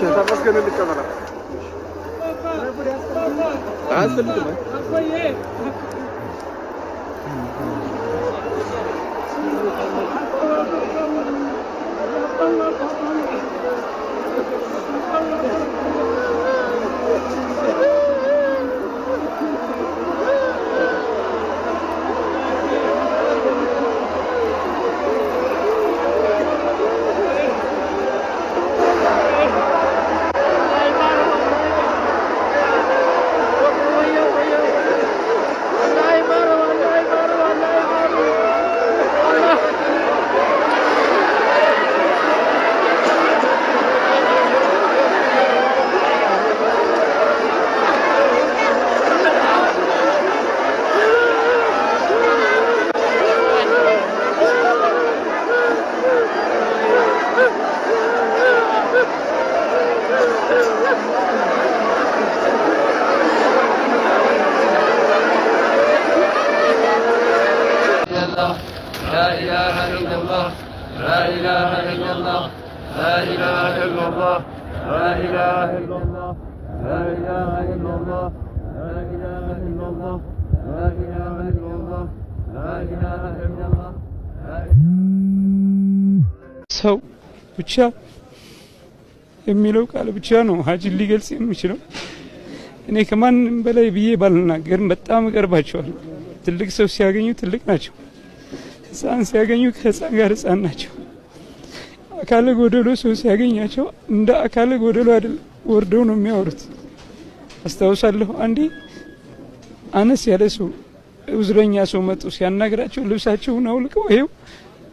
चल सबस के लिख वाला आज चल तुम आपको ये Thank you. لا إله إلا الله لا إله إلا الله لا إله إلا الله لا إله إلا الله لا إله إلا الله لا إله إلا الله لا إله إلا الله لا إله إلا الله So, Uçak የሚለው ቃል ብቻ ነው ሀጅን ሊገልጽ የሚችለው። እኔ ከማንም በላይ ብዬ ባልናገርም በጣም እቀርባቸዋል። ትልቅ ሰው ሲያገኙ ትልቅ ናቸው። ህፃን ሲያገኙ ከህፃን ጋር ህፃን ናቸው። አካለ ጎደሎ ሰው ሲያገኛቸው እንደ አካለ ጎደሎ አይደል ወርደው ነው የሚያወሩት። አስታውሳለሁ አንዴ አነስ ያለ ሰው ውዝረኛ ሰው መጡ ሲያናግራቸው ልብሳቸውን አውልቀው ይሄው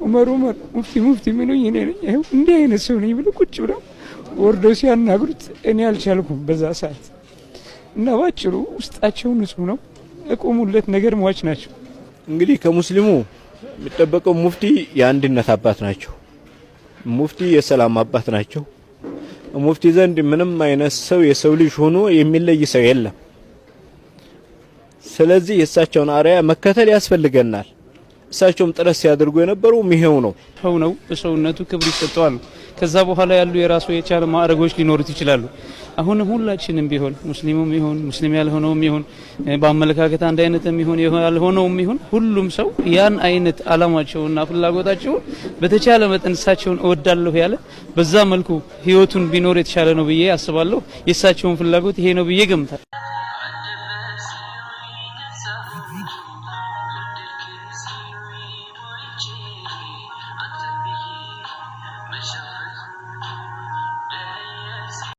ኡመር ኡመር ሙፍቲ ሙፍቲ የሚሉኝ እኔ ነኝ። ይሄው እንዲህ አይነት ሰው ነኝ ብሎ ቁጭ ብለው ወርዶ ሲያናግሩት እኔ አልቻልኩም በዛ ሰዓት እና ባጭሩ ውስጣቸው ንጹህ ነው። እቁሙለት ነገር ሟች ናቸው። እንግዲህ ከሙስሊሙ የሚጠበቀው ሙፍቲ የአንድነት አባት ናቸው። ሙፍቲ የሰላም አባት ናቸው። ሙፍቲ ዘንድ ምንም አይነት ሰው የሰው ልጅ ሆኖ የሚለይ ሰው የለም። ስለዚህ የእሳቸውን አርያ መከተል ያስፈልገናል። እሳቸውም ጥረት ሲያደርጉ የነበሩ ይሄው ነው ነው በሰውነቱ ክብር ይሰጠዋል። ከዛ በኋላ ያሉ የራሱ የቻለ ማዕረጎች ሊኖሩት ይችላሉ። አሁን ሁላችንም ቢሆን ሙስሊሙም ይሁን ሙስሊም ያልሆነውም ይሁን በአመለካከት አንድ አይነትም ይሁን ያልሆነውም ይሁን ሁሉም ሰው ያን አይነት አላማቸውና ፍላጎታቸው በተቻለ መጠን እሳቸውን እወዳለሁ ያለ በዛ መልኩ ህይወቱን ቢኖር የተሻለ ነው ብዬ አስባለሁ። የእሳቸውን ፍላጎት ይሄ ነው ብዬ ገምታል።